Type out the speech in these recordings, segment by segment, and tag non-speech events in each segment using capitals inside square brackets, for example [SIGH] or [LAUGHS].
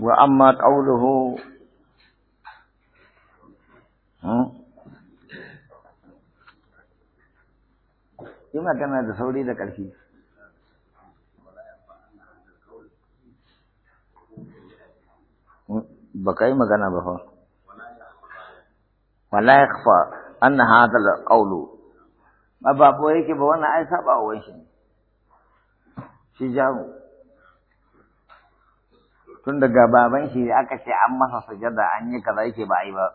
وأما قوله yi magana da sauri da ƙarfi ba ka yi magana ba fa wala ya kafa an na hadal ƙaulu ba ba yake ba wannan ai saba wa shi shi jamu tun daga baban shi da aka ce an masa sujada an yi kaza yake ba a yi ba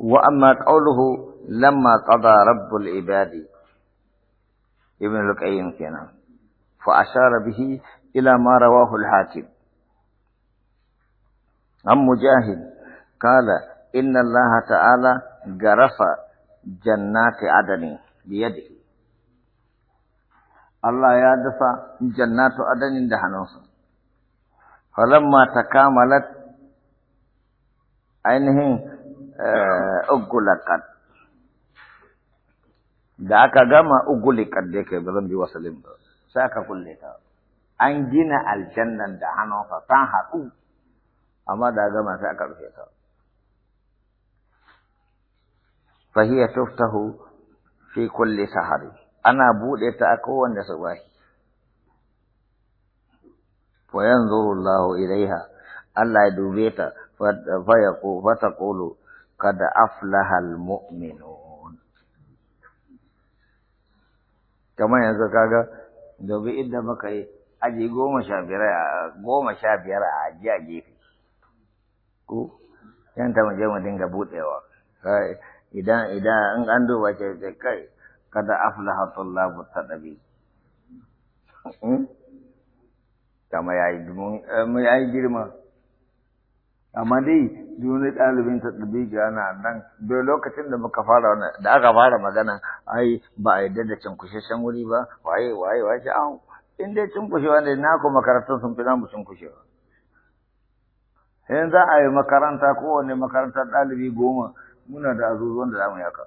wa amma qawluhu lamma qada rabbul ibadi ibn al-qayyim kenan fa ashara bihi ila ma rawahu al-hakim am mujahid qala inna allaha ta'ala garafa jannati adani biyadihi Allah ya dafa jannatu adanin da hannunsa falamma takamalat ainihin ugulakat da aka gama ugulikat da yake bazan bi wasalin ba sai aka kulle ta an gina aljannan da hannunsa ta haɗu amma da gama sai aka rufe ta فهي تفتح في كل سهر ana buɗe ta a kowanne subahi fa yanzuru Allahu ilaiha Allah ya dube ta fa ko fa taqulu qad aflaha muminu. kamar yanzu kaga dobi inda muka yi aji goma sha biyar a goma sha biyar a aji a gefe ko yanta mu je mu dinga buɗewa idan idan in an duba ce kai kada aflaha hmm? tullabu tadabi kama yayi eh, mu yayi girma amma dai duniya ɗalibin ta ga na nan bai lokacin da muka fara wannan da aka fara magana ai ba a yadda da cinkusheshen wuri ba waye waye wace an in dai cinkushewa ne na ko makarantun sun fi cin cinkushewa yanzu za a yi makaranta kowane makarantar ɗalibi goma muna da azuzuwan da za mu yaka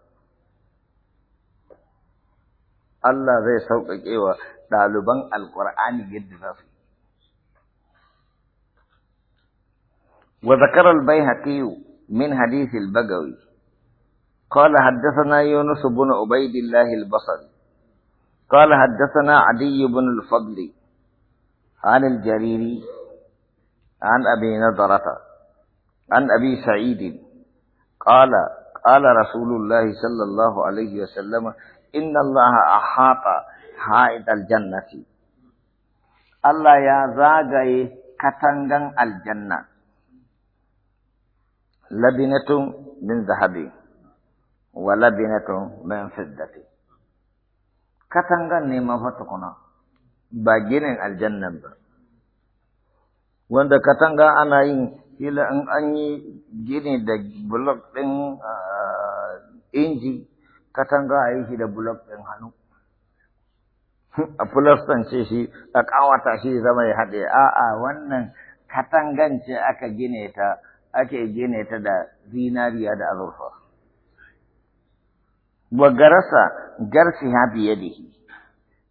الله zai sauƙaƙe إيوة ɗaliban alƙur'ani yadda za su وذكر البيهقي من حديث البغوي قال حدثنا يونس بن عبيد الله البصري قال حدثنا عدي بن الفضل عن الجريري عن أبي نظرة عن أبي سعيد قال قال رسول الله صلى الله عليه وسلم inna Allah ahata Allah ya zagaye katangan aljanna labinatun min zahabi wa labinatun min fiddati katangan ne mafatukuna ba ginin aljannan ba wanda katanga ana yin kila in an yi gini da blok ɗin ah, inji katanga a yi shi da bulok ɗin hannu [LAUGHS] a ce shi a ƙawata shi zama ya haɗe a'a wannan katangan ce aka gine ta ake gine ta da zinariya da azurfa wa garasa garsi ha biye da shi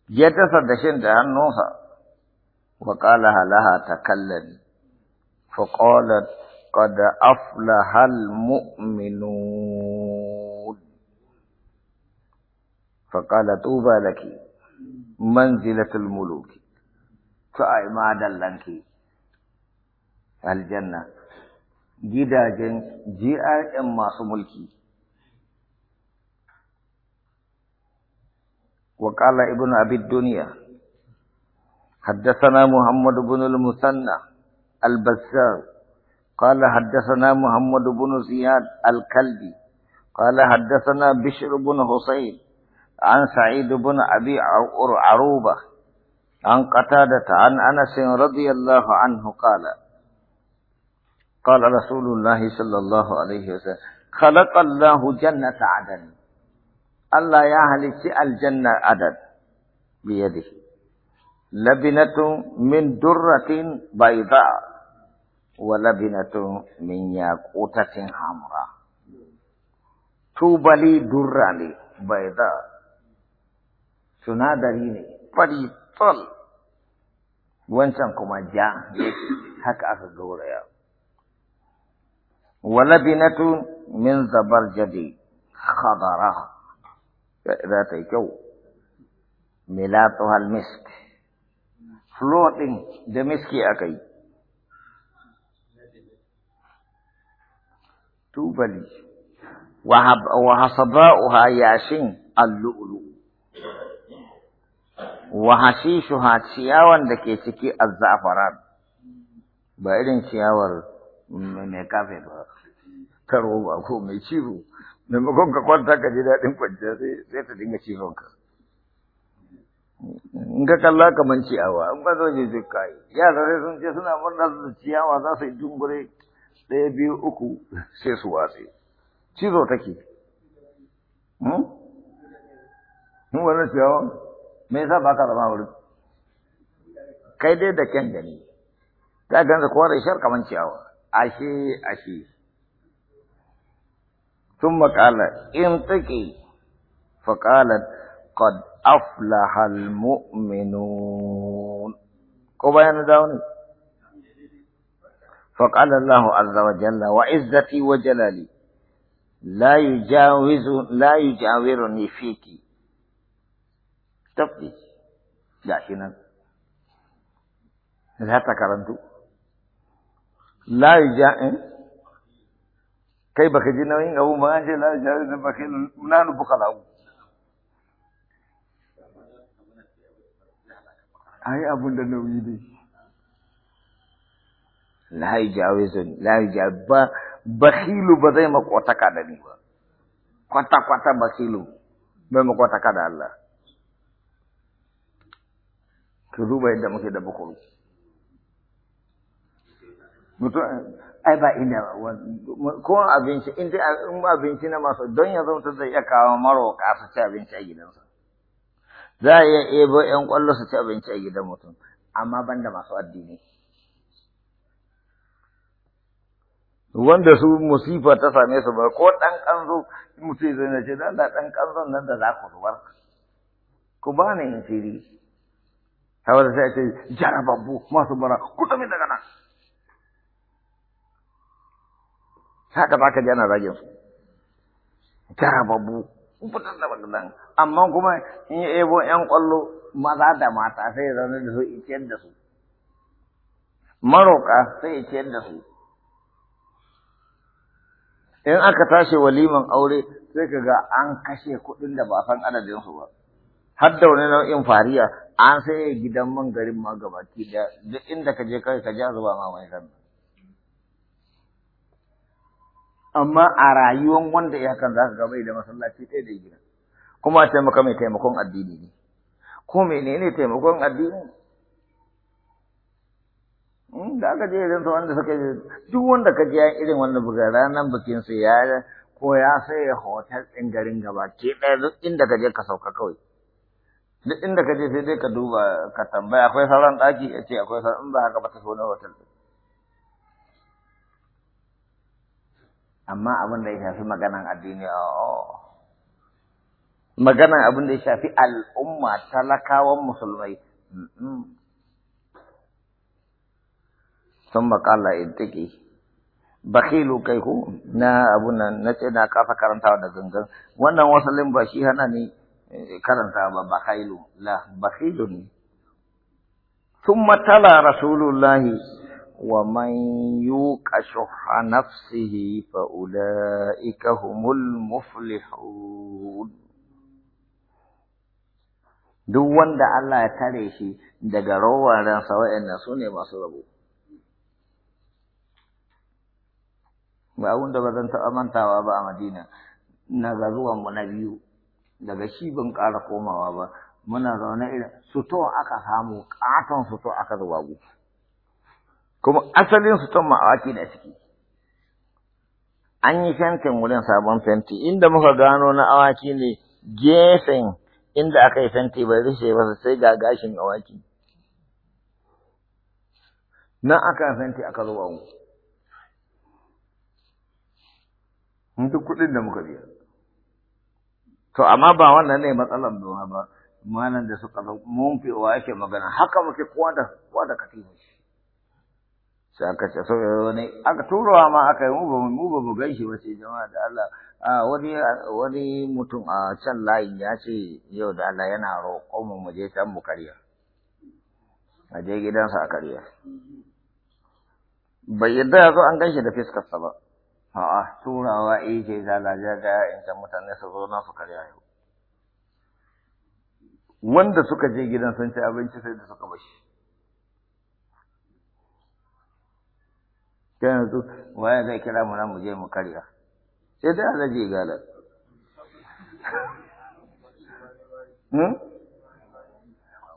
ya tasa da shin da hannunsa wa ƙala halaha kallani, fa qalat ƙada aflaha al muminu. فقال طوبى لك منزلة الملوك فأي ما دلنك الجنة gidajen GRM masu سملك وقال ابن أبي الدنيا حدثنا محمد بن المثنى البزار قال حدثنا محمد بن زياد الكلبي قال حدثنا بشر بن حسين عن سعيد بن أبي عروبة عن قتادة عن أنس رضي الله عنه قال قال رسول الله صلى الله عليه وسلم خلق الله جنة عدن الله يهلك الجنة عدن بيده لبنة من درة بيضاء ولبنة من ياقوتة حمراء توبلي لي درة بيضاء sunadari ne fari fal wancan kuma ja haka aka gauraya walabinatu min zabar jadi khadara za ta yi kyau milatuhal misk floating da miski aka yi tubali وحصباؤها ياسين اللؤلؤ wa ha ciyawan da ke ciki azzafaran ba irin ciyawar mai kafe ba Karo ba ko mai ciro maimakon ka kwanta ka ji daɗin kwanciya sai ta dinga ciwon ka in ka kalla kaman ciyawa in ba zo je kai Ya sai sun ce suna murna da ciyawa za su yi dungure ɗaya biyu uku sai su watse cizo take hmm? mu wannan ciyawa me yasa ba ka zama wurin kai dai da kyan gani ta ganza kowa da shar kaman ciyawa ashe ashe ثم قال انطقي فقالت قد أفلح المؤمنون ko bayan dawo ne فقال الله عز وجل وعزتي وجلالي لا يجاوز لا يجاورني فيك dab'i ga shi nan za karantu la bakhilu bakhilu bai makotaka da Allah ka duba yadda muke da bukuru mutum ai ba inda ko abinci in dai in ba abinci na masu don ya zama zai iya kawo maroka su ci abinci a gidansa za a iya ebo yan kwallo su ci abinci a gidan mutum amma ban da masu addini wanda su musifa ta same su ba ko ɗan ƙanzo mutum zai na ce dan da ɗan ƙanzon nan da za ku zubar ku ba ni in fili saboda sai a ce jarababbu masu mara ku daga nan haka ba ka ji ana zagin su jarababbu fitar da wannan amma kuma in yi ebo yan kwallo maza da mata sai ya zaune da su ya ciyar da su maroƙa sai ya ciyar da su in aka tashi waliman aure sai ka ga an kashe kuɗin da ba san adadinsu ba har da wani nau'in fariya an sai gidan man garin ma gabaki da duk inda ka je kai ka ja zuba ma mai kan amma a rayuwan wanda ya kan zaka ga da masallaci ɗaya da gidan kuma a taimaka mai taimakon addini ne ko menene taimakon addini da aka je irin wanda suka je duk wanda ka je irin wannan buga ranar bikin su ya ko ya sai hotel ɗin garin gaba ke ɗaya duk inda ka je ka sauka kawai duk inda ka je sai dai ka duba ka tambaya akwai sauran ɗaki ya ce akwai sauran in ba haka ba ta wani hotel amma abin da ya shafi maganan addini a oh. maganan abin da ya shafi al'umma talakawan musulmai sun makala tiki bakilu kai ku na abunan na ce na kafa karantawa da gangan wannan wasalin ba shi hana ne Eh, karanta ba bakailu la bakailu ne ثم rasulullahi wa man ومن يوق شح نفسه فأولئك هم duk wanda Allah ya tare shi daga rawaransa na su ne masu rabo ba abin da ba zan taɓa mantawa ba a madina na ga mu na biyu daga shi ban ƙara komawa ba muna zaune irin suto aka samu ƙaton suto aka zuba gu kuma asalin ma awaki da ciki an yi fentin wurin sabon fenti inda muka gano na awaki ne gefen inda aka yi fenti bai rushe ba sai ga gashin awaki nan aka fenti aka zuba mu duk kuɗin da muka biya To amma ba wannan ne matsalar doha ba, malam da suka zo mun fi wa yake magana haka muke kowa da kowa da katifa shi. Sai aka ce wani aka turowa ma aka yi mu ba mu ba mu gan ba jama'a da Allah a wani wani mutum a can layin ya ce yau da Allah yana roƙon mu mu je can mu karya. A gidansa a karya. Bai yadda ya zo an gan shi da fiskarsa ba. A'a, turawa eh, ije lalaja ga ya'yansa mutane su zo na su karya yau. Wanda suka je gidan sun ci abinci sai da suka bashi. Ta yanzu, waye zai kira mu nan mu je mu karya. Sai dai alaji galar. Hmm?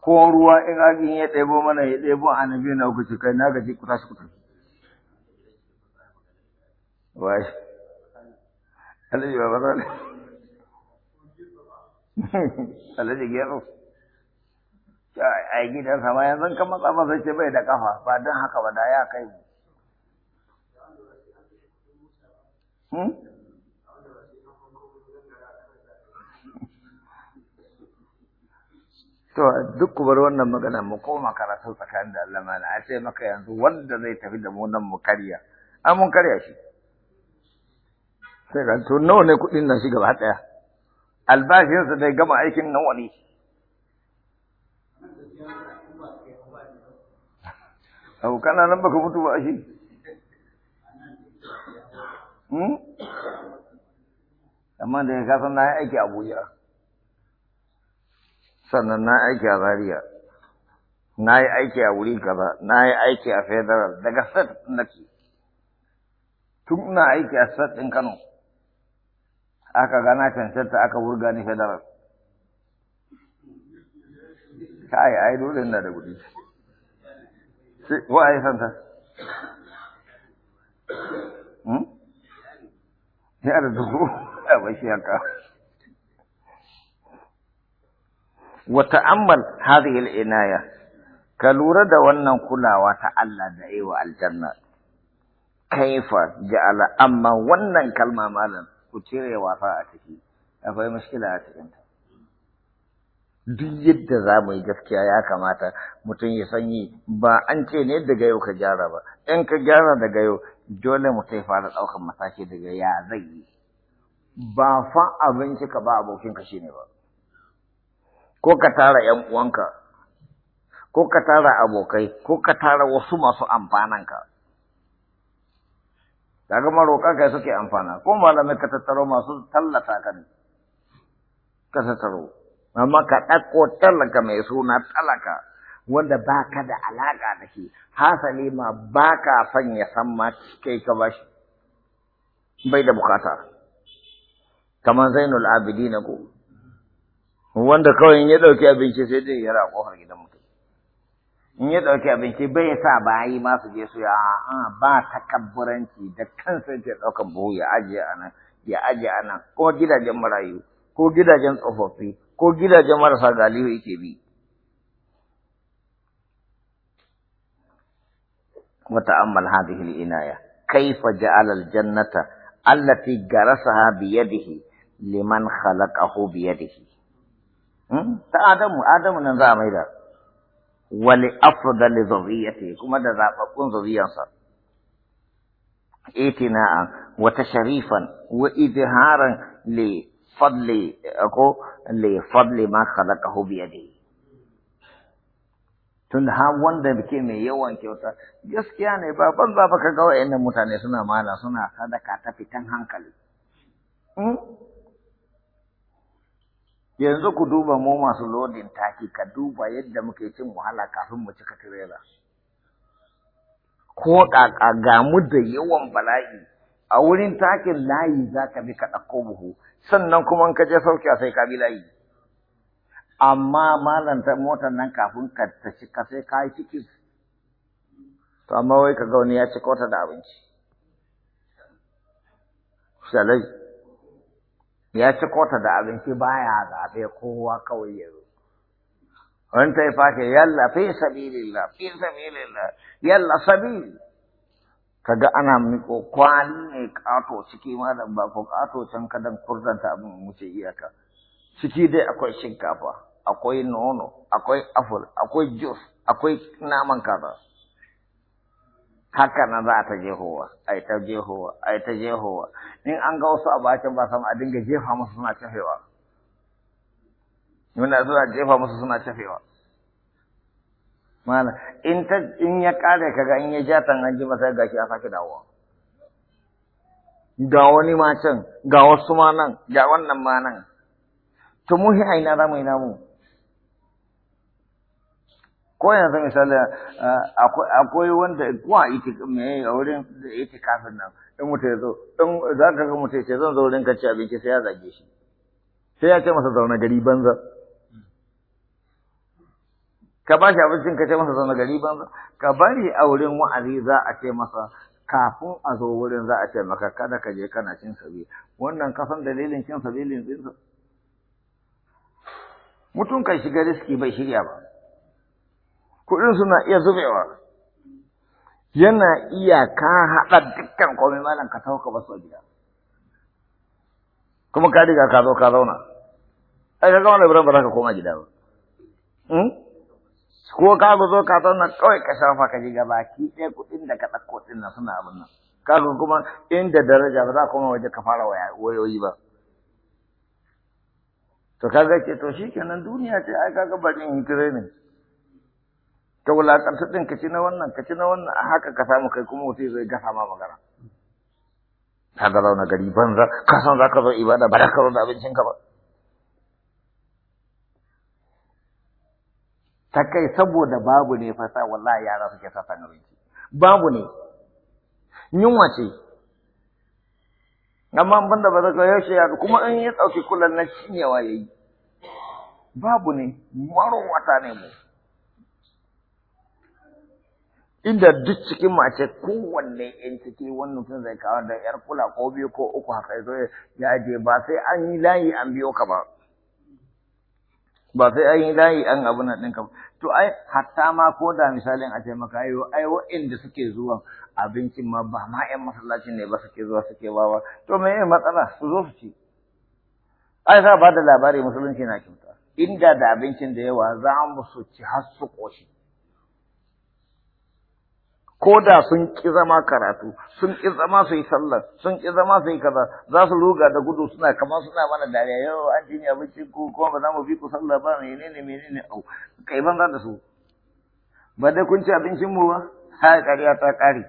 Ko ruwa in agin ya ɗebo mana ya ɗebo a na ku ci kai na gaji ku tashi ku wai alaji ba ba alaji gero a gidan sama yanzu kan matsa ba sai ce bai da kafa ba don haka ba da ya kai mu hmm? To duk ku bar wannan magana mu koma karatun tsakanin da Allah mana a ce maka yanzu wanda zai tafi da mu nan mu karya. An mun karya shi. sai ka to nawa ne kuɗin nan shi gaba ɗaya albashinsa dai gama aikin nawa ne abu kana nan baka mutu ba shi hmm? amma da ka san na yi aiki a abuja sannan na aiki a zaria na yi aiki a wuri kaza na yi aiki a federal daga set nake tun ina aiki a set ɗin kano aka gana cancanta aka wurga ni federal kai ai dole ina da gudi gudu wa ai san ta hmm ya da dubu a bashi haka lura da wannan kulawa ta Allah da aiwa aljanna kaifa ja'ala amma wannan kalma malam ku cire wasa a ciki akwai mushkila a cikinta duk yadda za mu yi gaskiya ya kamata mutum ya sanyi ba an ce ne daga yau ka gyara ba in ka gyara daga yau dole mu sai fara ɗaukar mataki daga ya zai yi ba fa abinci ka ba abokinka shi ne ba ko ka tara ‘yan uwanka ko ka tara abokai ko ka tara wasu masu ka kaga maroƙa kai suke amfana ko malamai ka tattaro masu tallata ka ne ka tattaro amma ka ɗauko tallaka mai suna talaka wanda ba ka da alaƙa da shi hasali ma ba ka son ya san ma kai ka ba shi bai da bukata kamar zainul abidin ko wanda kawai ya ɗauki abinci sai dai ya raƙo har gidan in ya ɗauki abinci bai ya sa bayi ma su je su ya a ba takabburanci da kansa yake ɗaukan buhu ya ajiye a nan ya a nan ko gidajen marayu ko gidajen tsofaffi ko gidajen marasa galihu yake bi وتأمل هذه العناية كيف جعل الجنة التي جرسها بيده لمن خلقه بيده ta adamu adamu nan za a maida wali afdali zuriyati kuma da zababbun zuriyarsa Itina wa tasharifan wa idharan li fadli ko li fadli ma khalaqahu bi yadi tun ha wanda bike mai yawan kyauta gaskiya ne ba ban ka ga waɗanda mutane suna mala suna sadaka ta fitan hankali hmm? yanzu ku duba mu masu lodin taki ka duba yadda muke cin wahala kafin mu cika tirela ko ƙaƙa ga mu da yawan bala'i a wurin takin layi za ka bi ka ɗauko buhu sannan kuma ka je sauke sai ka bi layi amma malanta motar nan kafin ka ta cika sai ka yi ciki to amma wai ka ga wani ya cika wata da abinci shalai ya ci kota da abinci baya zaɓe kowa kawai ya zo wani ta yi fashe yalla fi sabilillah fi sabilillah yalla sabil kaga ana miko kwali ne kato ciki ma da ba ko kato can kadan kurzanta abin mu iyaka ciki dai akwai shinkafa akwai nono akwai afur akwai jus akwai naman kaza haka nan za a ta jehowa a ta jehowa a ta jehowa in an ga wasu a bakin ba sama a dinga jefa musu suna cafewa muna zuwa jefa musu suna cafewa mana in ta in ya kare kaga in ya ja tan an ji masa gashi a saki dawo. ga wani ma can ga wasu ma nan ga wannan ma nan to mu hi aina za mu ina mu ko yanzu misali eh, akwai wanda kuwa ita me a wurin da kafin nan in mutum ya zo in za ka ga mutum ce zan zo wurin ka ci abinci sai ya zage shi sai ya ce masa zaune gari banza ka ba shi abincin ka ce masa zaune gari banza ka bari a wurin wa'azi za a ce masa kafin a zo wurin za a ce maka kada ka je kana cin sabi wannan kasan dalilin cin sabi ɗinsa mutum kan shiga riski bai shirya ba kuɗin suna iya zubewa yana iya ka haɗa dukkan komai malam ka ka basu gida kuma ka riga ka zo ka zauna ai ka gama labiran ka koma gida ba hmm? ko ka zo ka zauna kawai ka shafa ka ji gaba ki ɗaya kuɗin da ka ɗauko ɗin nan suna abin nan kaga kuma inda daraja ba za ka koma waje ka fara wayoyi ba to kaga ce to shikenan duniya ce ai kaga bakin hikire ne ta wulaƙantar ɗin ka ci na wannan ka ci na wannan a haka ka samu kai kuma wuce zai gasa ma magana ta ga zauna gari banza ka san za ka zo ibada ba da ka zo da ka ba ta kai saboda babu ne fasa wallahi yara suke sassan abinci babu ne yunwa ce amma da ba zaka yaushe ya kuma in ya ɗauki kullum na cinyewa yayi babu ne marowata ne mu inda duk cikin mace kowanne yan ciki wannan sun zai kawo da yar kula ko biyu ko uku haka zo ya je ba sai an yi layi an biyo ka ba ba sai an yi layi an abu na ɗinka ba to ai hatta ma ko da misalin a taimaka yau ai wa'inda suke zuwa abincin ma ba ma yan masallacin ne ba suke zuwa suke bawa to me ne matsala su zo su ci ai za ba da labari musulunci na kyauta inda da abincin da yawa za mu su ci har su ƙoshi ko da sun ƙi zama karatu sun ƙi zama su yi sallar sun ƙi zama su yi kaza za su ruga da gudu suna kama suna mana dariya yau an ji ni abinci ku kuma ba za mu bi ku sallah ba menene menene au kai banza da su ba dai kun ci abincin mu ba ha ƙarya ta ƙare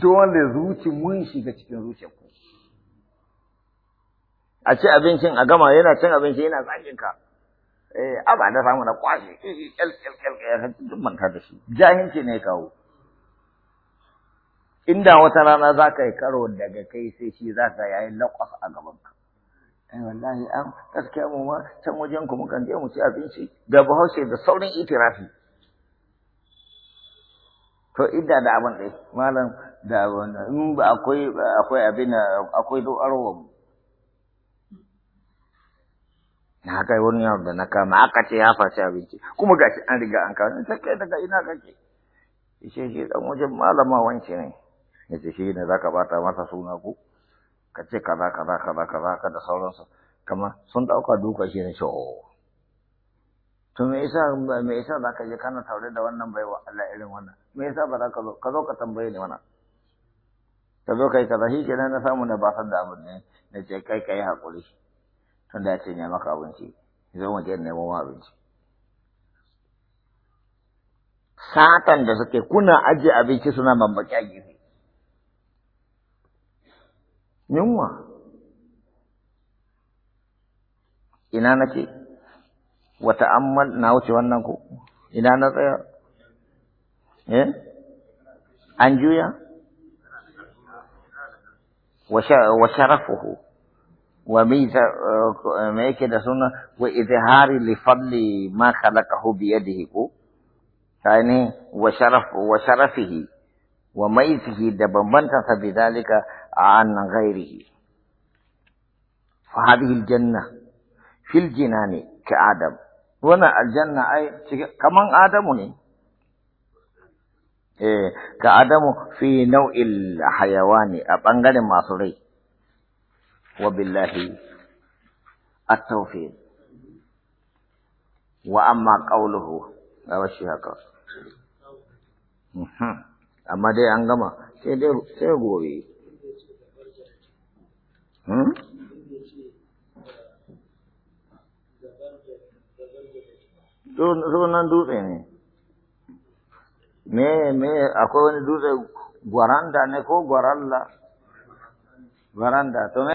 dole zuci mun shiga cikin zuciyar ku a ci abincin a gama yana cin abinci yana zagin ka eh aba da samu na kwashi el el el duk manta da shi jahilci ne kawo inda wata rana za ka yi karo daga kai sai shi za ka yayi lakwas a gaban ka ai eh, wallahi an gaskiya mu ma can wajen ku mukan je mu ci abinci ga bahaushe da saurin itirafi to idda da abin ɗai malam da in akwai akwai abin akwai do arwa mu na kai wani yaro da na kama aka ce ya faci abinci kuma gashi an riga an kawo ta kai daga ina kake ishe shi dan wajen malama wance ne ya ce shi ne za ka bata masa suna ku ka ce ka za ka za ka da sauransu kamar sun dauka duka shi ne shi o to me yasa me yasa za ka je kana taure da wannan baiwa Allah irin wannan me yasa ba za ka zo ka zo ka tambaye ni wannan ka zo kai kaza shi kenan na samu na basar da abin ne na ce kai kai hakuri sanda ya ce ne maka abinci zai mu je neman abinci satan da suke kuna ajiye abinci suna mamaki a gefe yunwa ina nake wata ammal na wuce wannan ku? ina na tsaya eh an juya wa sharafuhu وميزة آه، ميك ده وإظهار لفضل ما خلقه بيده كو يعني وشرف وشرفه وميزه دبا منتصى بذلك عن غيره فهذه الجنة في الجنان كآدم هنا الجنة أي كمان آدم ني إيه كآدم في نوع الحيوان أبانغان ماسوري وبالله التوفيق وأما قوله لا أوشيها قول أما دي أنغما سيقوي هم sunan dutse ne me me akwai wani dutse gwaranda ne ko gwaralla gwaranda to